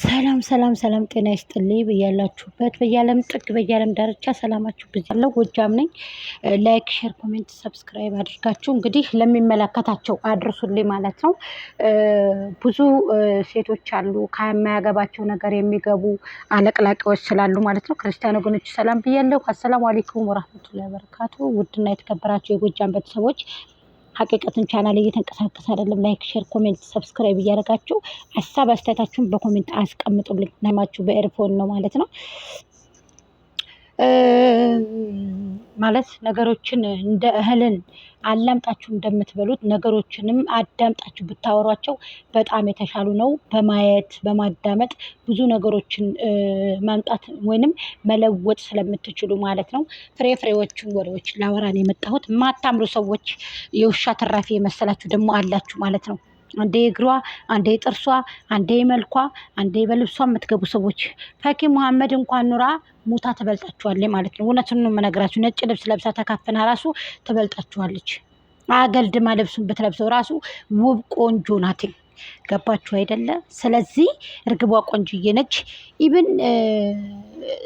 ሰላም ሰላም ሰላም፣ ጤና ይስጥልኝ በያላችሁበት በያለም ጥግ በያለም ዳርቻ ሰላማችሁ ብያለሁ። ጎጃም ነኝ። ላይክ፣ ሼር፣ ኮሜንት፣ ሰብስክራይብ አድርጋችሁ እንግዲህ ለሚመለከታቸው አድርሱልኝ ማለት ነው። ብዙ ሴቶች አሉ ከማያገባቸው ነገር የሚገቡ አለቅላቂዎች ስላሉ ማለት ነው። ክርስቲያን ወገኖች ሰላም ብያለሁ። አሰላሙ አሌይኩም ወራህመቱላሂ በረካቱ። ውድና የተከበራቸው የጎጃም ቤተሰቦች ሀቂቀትን ቻናል እየተንቀሳቀስ አይደለም። ላይክ፣ ሼር፣ ኮሜንት፣ ሰብስክራይብ እያደረጋችሁ ሀሳብ አስተያየታችሁን በኮሜንት አስቀምጡልኝ። ለማችሁ በኤርፎን ነው ማለት ነው። ማለት ነገሮችን እንደ እህልን አላምጣችሁ እንደምትበሉት ነገሮችንም አዳምጣችሁ ብታወሯቸው በጣም የተሻሉ ነው። በማየት በማዳመጥ ብዙ ነገሮችን ማምጣት ወይንም መለወጥ ስለምትችሉ ማለት ነው። ፍሬ ፍሬዎችን ወሬዎች ላወራን የመጣሁት ማታምሩ ሰዎች የውሻ ትራፊ የመሰላችሁ ደግሞ አላችሁ ማለት ነው። አንዴ እግሯ፣ አንዴ ጥርሷ፣ አንዴ መልኳ፣ አንዴ በልብሷ የምትገቡ ሰዎች ፈኪ መሐመድ እንኳን ኑራ ሙታ ትበልጣችኋለች ማለት ነው። እውነቱን ነው የምነግራችሁ። ነጭ ልብስ ለብሳ ተካፍና ራሱ ትበልጣችኋለች። አገልድማ ልብሱን ብትለብሰው ራሱ ውብ ቆንጆ ናት። ገባችሁ አይደለ? ስለዚህ እርግቧ ቆንጆዬ ነች። ኢብን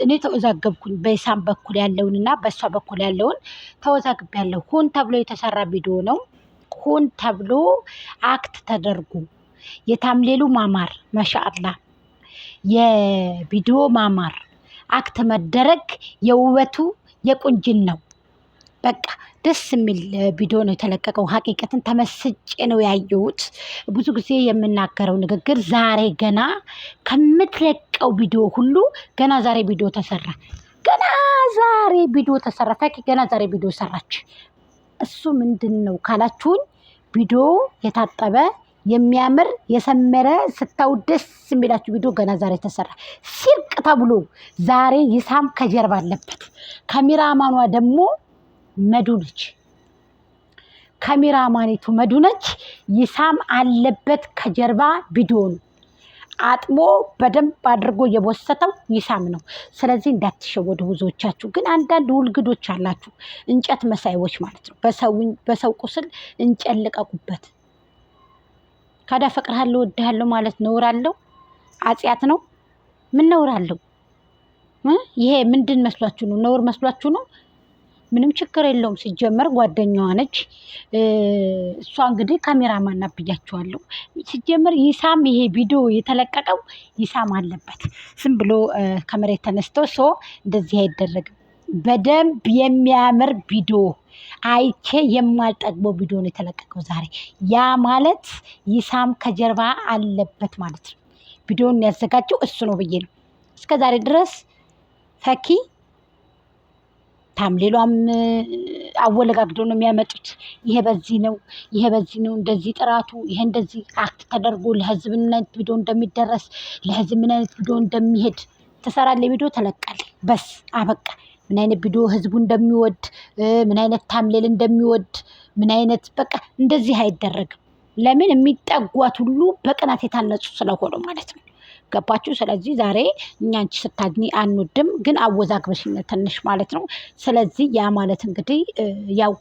እኔ ተወዛገብኩኝ በኢሳም በኩል ያለውንና በእሷ በኩል ያለውን ተወዛግቤያለሁ። ሆን ተብሎ የተሰራ ቪዲዮ ነው። ሆን ተብሎ አክት ተደርጎ የታምሌሉ ማማር ማሻአላ የቪዲዮ ማማር አክት መደረግ የውበቱ የቁንጅን ነው። በቃ ደስ የሚል ቪዲዮ ነው የተለቀቀው። ሀቂቀትን ተመስጬ ነው ያየሁት። ብዙ ጊዜ የምናገረው ንግግር ዛሬ ገና ከምትለቀው ቪዲዮ ሁሉ ገና ዛሬ ቪዲዮ ተሰራ፣ ገና ዛሬ ቪዲዮ ተሰራ፣ ገና ዛሬ ቪዲዮ ሰራች። እሱ ምንድን ነው ካላችሁኝ፣ ቪዲዮ የታጠበ የሚያምር የሰመረ ስታው ደስ የሚላችሁ ቪዲዮ ገና ዛሬ ተሰራ። ሲርቅ ተብሎ ዛሬ ይሳም ከጀርባ አለበት። ካሜራማኗ ደግሞ መዱ ነች። ካሜራማኔቱ መዱ ነች። ይሳም አለበት ከጀርባ ቪዲዮ ነው። አጥቦ በደንብ አድርጎ የቦሰተው ይሳም ነው። ስለዚህ እንዳትሸወዱ። ብዙዎቻችሁ ግን አንዳንድ ውልግዶች አላችሁ፣ እንጨት መሳይዎች ማለት ነው። በሰው ቁስል እንጨት ልቀቁበት። ካዳ ፈቅርሃለሁ፣ ወድሃለሁ ማለት ነውራለሁ አጽያት ነው። ምን ነውር አለው? ይሄ ምንድን መስሏችሁ ነው? ነውር መስሏችሁ ነው? ምንም ችግር የለውም። ሲጀመር ጓደኛዋ ነች። እሷ እንግዲህ ካሜራማን ናት ብያችኋለሁ። ሲጀመር ይሳም ይሄ ቪዲዮ የተለቀቀው ይሳም አለበት። ዝም ብሎ ከመሬት ተነስቶ ሶ እንደዚህ አይደረግም። በደንብ የሚያምር ቪዲዮ አይቼ የማልጠግበው ቪዲዮ ነው የተለቀቀው ዛሬ። ያ ማለት ይሳም ከጀርባ አለበት ማለት ነው። ቪዲዮን ያዘጋጀው እሱ ነው ብዬ ነው እስከ ዛሬ ድረስ ፈኪ ሌሏም አወለጋግደው ነው የሚያመጡት። ይሄ በዚህ ነው፣ ይሄ በዚህ ነው፣ እንደዚህ ጥራቱ፣ ይሄ እንደዚህ አክት ተደርጎ ለህዝብ ምን አይነት ቪዲዮ እንደሚደረስ፣ ለህዝብ ምን አይነት ቪዲዮ እንደሚሄድ ትሰራለህ። ቪዲዮ ተለቃል፣ በስ አበቃ። ምን አይነት ቪዲዮ ህዝቡ እንደሚወድ፣ ምን አይነት ታምሌል እንደሚወድ፣ ምን አይነት በቃ እንደዚህ አይደረግም። ለምን የሚጠጓት ሁሉ በቅናት የታነጹ ስለሆነ ማለት ነው። ገባችሁ? ስለዚህ ዛሬ እኛ አንቺ ስታግኝ አንወድም፣ ግን አወዛግበሽኝ ትንሽ ማለት ነው። ስለዚህ ያ ማለት እንግዲህ ያው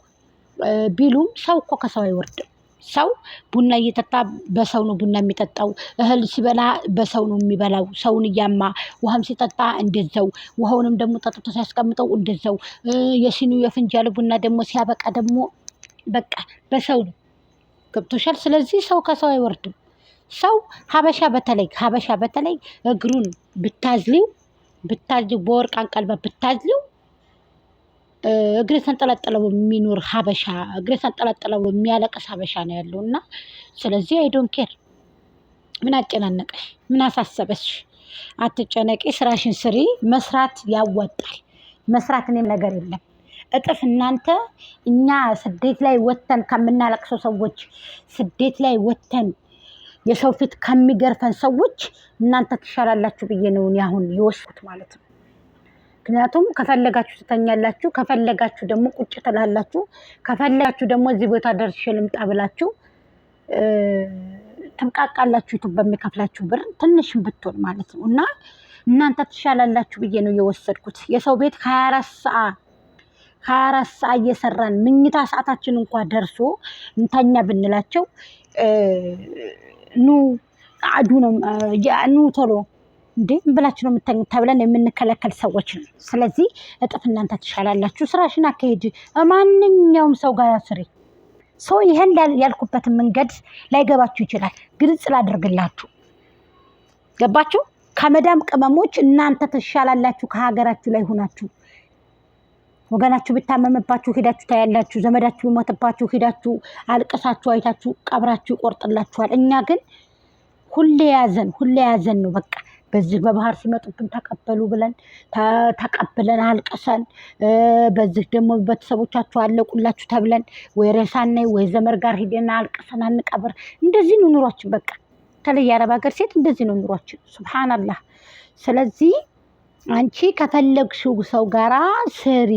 ቢሉም ሰው እኮ ከሰው አይወርድም። ሰው ቡና እየጠጣ በሰው ነው ቡና የሚጠጣው። እህል ሲበላ በሰው ነው የሚበላው፣ ሰውን እያማ። ውሃም ሲጠጣ እንደዛው፣ ውሃውንም ደግሞ ጠጥቶ ሲያስቀምጠው እንደዛው። የሲኒ የፍንጃሉ ቡና ደግሞ ሲያበቃ ደግሞ በቃ በሰው ነው። ገብቶሻል። ስለዚህ ሰው ከሰው አይወርድም። ሰው ሀበሻ በተለይ ሀበሻ በተለይ እግሩን ብታዝሊው ብታዝሊው በወርቅ አንቀልበ ብታዝሊው እግሬ ተንጠለጠለ የሚኖር ሀበሻ እግሬ ተንጠለጠለ የሚያለቅስ ሀበሻ ነው ያለው። እና ስለዚህ አይዶን ኬር ምን አጨናነቀሽ? ምን አሳሰበሽ? አትጨነቂ፣ ስራሽን ስሪ። መስራት ያዋጣል። መስራት እኔም ነገር የለም እጥፍ እናንተ እኛ ስደት ላይ ወተን ከምናለቅሰው ሰዎች ስደት ላይ ወተን የሰው ፊት ከሚገርፈን ሰዎች እናንተ ትሻላላችሁ ብዬ ነው እኔ አሁን የወሰድኩት ማለት ነው። ምክንያቱም ከፈለጋችሁ ትተኛላችሁ፣ ከፈለጋችሁ ደግሞ ቁጭ ትላላችሁ፣ ከፈለጋችሁ ደግሞ እዚህ ቦታ ደርሼ ልምጣ ብላችሁ ትብቃቃላችሁ ዩቱብ በሚከፍላችሁ ብር ትንሽም ብትሆን ማለት ነው። እና እናንተ ትሻላላችሁ ብዬ ነው የወሰድኩት። የሰው ቤት ከሀያ አራት ሰዓት ሀያ አራት ሰዓት እየሰራን ምኝታ ሰዓታችን እንኳ ደርሶ እንተኛ ብንላቸው ኑ አዱ ነው ኑ ቶሎ እንዴ ብላችሁ ነው ተብለን የምንከለከል ሰዎች ነው። ስለዚህ እጥፍ እናንተ ትሻላላችሁ። ስራሽን አካሄድ ማንኛውም ሰው ጋር ስሪ። ሰው ይህን ያልኩበትን መንገድ ላይገባችሁ ይችላል። ግልጽ ላድርግላችሁ። ገባችሁ? ከመዳም ቅመሞች እናንተ ትሻላላችሁ ከሀገራችሁ ላይ ሆናችሁ ወገናችሁ ብታመመባችሁ ሂዳችሁ ታያላችሁ። ዘመዳችሁ ቢሞትባችሁ ሂዳችሁ አልቀሳችሁ አይታችሁ ቀብራችሁ ይቆርጥላችኋል። እኛ ግን ሁሌ ያዘን ሁሌ ያዘን ነው በቃ በዚህ በባህር ሲመጡብን ተቀበሉ ብለን ተቀብለን አልቀሰን፣ በዚህ ደግሞ ቤተሰቦቻችሁ አለቁላችሁ ተብለን ወይ ሬሳና ወይ ዘመር ጋር ሂደን አልቀሰን አንቀብር። እንደዚህ ነው ኑሯችን። በቃ ተለይ የአረብ ሀገር ሴት እንደዚህ ነው ኑሯችን። ሱብሃናላህ። ስለዚህ አንቺ ከፈለግሽው ሰው ጋራ ስሪ።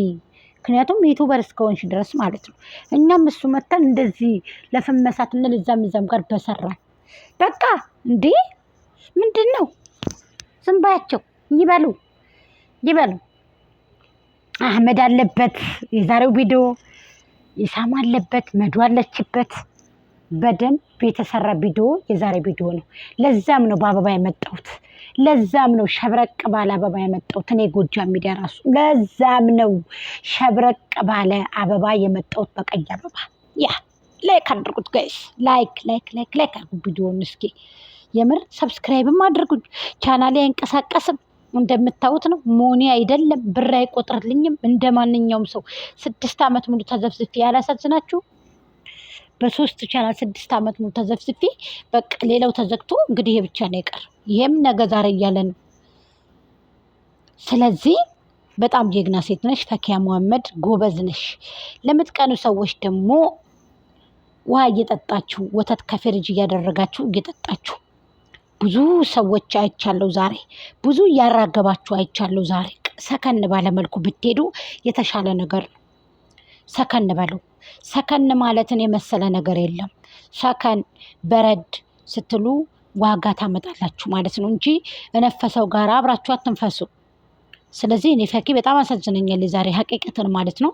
ምክንያቱም ዩቱበር እስከሆንሽ ድረስ ማለት ነው። እኛም እሱ መተን እንደዚህ ለፍመሳት እና እዛም ጋር በሰራን በቃ እንዴ ምንድን ነው? ዝም ባያቸው ይበሉ ይበሉ። አህመድ አለበት የዛሬው ቪዲዮ፣ ኢሳም አለበት፣ መዱ አለችበት። በደንብ የተሰራ ቪዲዮ የዛሬ ቪዲዮ ነው። ለዛም ነው በአበባ የመጣሁት። ለዛም ነው ሸብረቅ ባለ አበባ የመጣሁት እኔ ጎጃም ሚዲያ ራሱ ለዛም ነው ሸብረቅ ባለ አበባ የመጣሁት በቀይ አበባ። ያ ላይክ አድርጉት ጋይስ፣ ላይክ ላይክ ላይክ ላይክ አድርጉ ቪዲዮውን እስኪ የምር ሰብስክራይብም አድርጉ። ቻናሌ አይንቀሳቀስም እንደምታዩት ነው። ሞኒ አይደለም ብር አይቆጥርልኝም እንደ ማንኛውም ሰው ስድስት ዓመት ሙሉ ተዘብዝፌ ያላሳዝናችሁ በሶስት ቻናል ስድስት ዓመት ሙሉ ተዘፍዝፌ በቃ ሌላው ተዘግቶ እንግዲህ ይሄ ብቻ ነው የቀር። ይሄም ነገ ዛሬ እያለ ነው። ስለዚህ በጣም ጀግና ሴት ነሽ ፈኪያ መሐመድ፣ ጎበዝ ነሽ። ለምትቀኑ ሰዎች ደግሞ ውሃ እየጠጣችሁ ወተት ከፍሪጅ እያደረጋችሁ እየጠጣችሁ ብዙ ሰዎች አይቻለሁ ዛሬ፣ ብዙ እያራገባችሁ አይቻለሁ ዛሬ። ሰከን ባለ መልኩ ብትሄዱ የተሻለ ነገር ነው። ሰከን በለው። ሰከን ማለትን የመሰለ ነገር የለም። ሰከን በረድ ስትሉ ዋጋ ታመጣላችሁ ማለት ነው እንጂ እነፈሰው ጋር አብራችሁ አትንፈሱ። ስለዚህ እኔ ፈኪ በጣም አሳዝነኛል ዛሬ ሀቂቀትን ማለት ነው።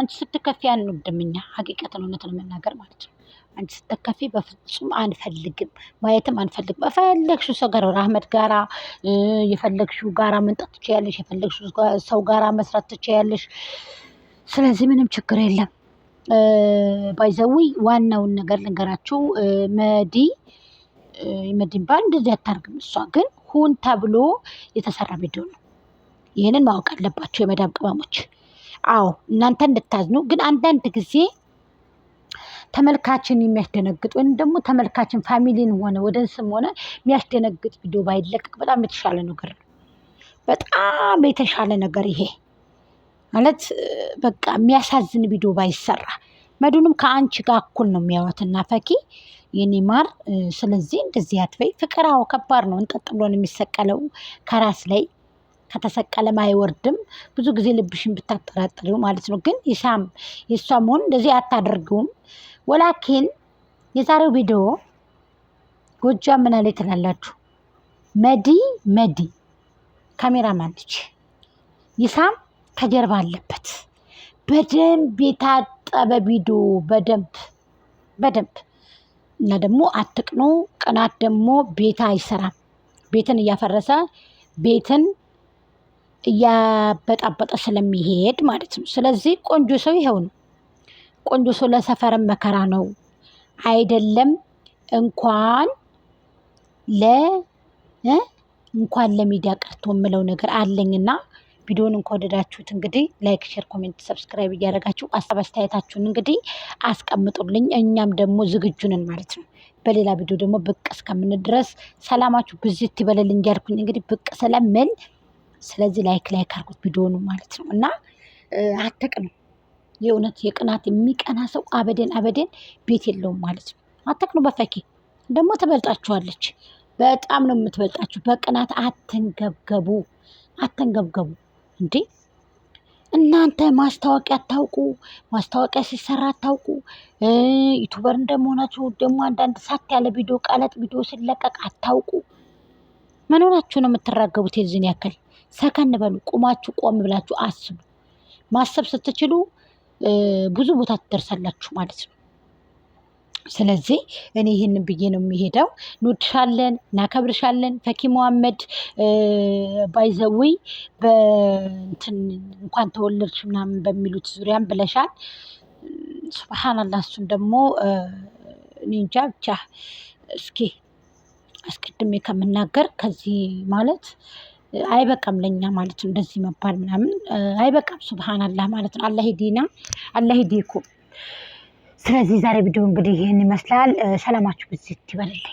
አንቺ ስትከፊ አንወድም እኛ ሀቂቀትን እውነትን መናገር ማለት ነው። አንቺ ስትከፊ በፍጹም አንፈልግም፣ ማየትም አንፈልግም። በፈለግሹ ሰው ጋር አህመድ ጋራ የፈለግሹ ጋራ መንጠት ትችያለሽ፣ የፈለግሹ ሰው ጋራ መስራት ትችያለሽ። ስለዚህ ምንም ችግር የለም። ባይዘዊ ዋናውን ነገር ልንገራችሁ፣ መዲ መዲን ባንድ እንደዚህ አታርግም። እሷ ግን ሁን ተብሎ የተሰራ ቪዲዮ ነው። ይህንን ማወቅ አለባቸው የመዳብ ቅመሞች። አዎ እናንተ እንድታዝኑ ግን አንዳንድ ጊዜ ተመልካችን የሚያስደነግጥ ወይም ደግሞ ተመልካችን ፋሚሊን ሆነ ወደ ስም ሆነ የሚያስደነግጥ ቪዲዮ ባይለቀቅ በጣም የተሻለ ነገር ነው። በጣም የተሻለ ነገር ይሄ ማለት በቃ የሚያሳዝን ቪዲዮ ባይሰራ መዱንም ከአንቺ ጋር እኩል ነው ና ፈኪ የኔ ማር፣ ስለዚህ እንደዚህ አትበይ። ፍቅር አዎ ከባድ ነው። እንጠጥ የሚሰቀለው ከራስ ላይ ከተሰቀለም አይወርድም። ብዙ ጊዜ ልብሽን ብታጠራጥሪው ማለት ነው። ግን ይሳም የእሷ መሆን እንደዚህ አታደርገውም። ወላኪን የዛሬው ቪዲዮ ጎጃ ምን ትላላችሁ? መዲ መዲ ካሜራማን ማለች ይሳም ከጀርባ አለበት። በደንብ የታጠበ ቢዶ በደንብ በደንብ እና ደግሞ አትቅኖ ቅናት ደግሞ ቤት አይሰራም። ቤትን እያፈረሰ ቤትን እያበጣበጠ ስለሚሄድ ማለት ነው። ስለዚህ ቆንጆ ሰው ይኸው ነው። ቆንጆ ሰው ለሰፈርም መከራ ነው አይደለም እንኳን ለ እንኳን ለሚዲያ ቀርቶ የምለው ነገር አለኝና ቪዲዮን ከወደዳችሁት እንግዲህ ላይክ፣ ሼር፣ ኮሜንት፣ ሰብስክራይብ እያደረጋችሁ አሳብ አስተያየታችሁን እንግዲህ አስቀምጡልኝ። እኛም ደግሞ ዝግጁ ነን ማለት ነው። በሌላ ቪዲዮ ደግሞ ብቅ እስከምንድረስ ድረስ ሰላማችሁ ብዝት ይበለል እንዲያልኩኝ እንግዲህ ብቅ ስለምል ስለዚህ ላይክ ላይክ አድርጉት ቪዲዮኑ ማለት ነው እና አተቅኑ የእውነት የቅናት የሚቀና ሰው አበደን አበደን ቤት የለውም ማለት ነው። አተቅኑ በፈኪ ደግሞ ትበልጣችኋለች። በጣም ነው የምትበልጣችሁ። በቅናት አትንገብገቡ፣ አተንገብገቡ። እንዴ እናንተ ማስታወቂያ አታውቁ፣ ማስታወቂያ ሲሰራ አታውቁ። ዩቱበር እንደመሆናችሁ ደግሞ አንዳንድ ሳት ያለ ቪዲዮ፣ ቀለጥ ቪዲዮ ሲለቀቅ አታውቁ። ምን ሆናችሁ ነው የምትራገቡት? የዚህን ያክል ሰከን በሉ። ቁማችሁ ቆም ብላችሁ አስቡ። ማሰብ ስትችሉ ብዙ ቦታ ትደርሳላችሁ ማለት ነው። ስለዚህ እኔ ይህን ብዬ ነው የሚሄደው። እንወድሻለን፣ እናከብርሻለን። ፈኪ መሐመድ ባይዘዊ በእንትን እንኳን ተወለድሽ ምናምን በሚሉት ዙሪያን ብለሻል። ሱብሃናላህ። እሱን ደግሞ እኔ እንጃ ብቻ እስኪ አስቀድሜ ከምናገር ከዚህ ማለት አይበቃም ለኛ ማለት ነው እንደዚህ መባል ምናምን አይበቃም። ሱብሃናላህ ማለት ነው። አላህ ዲና አላህ ዲኩም ስለዚህ ዛሬ ቪዲዮ እንግዲህ ይህን ይመስላል። ሰላማችሁ ብዝት ይበልልኝ።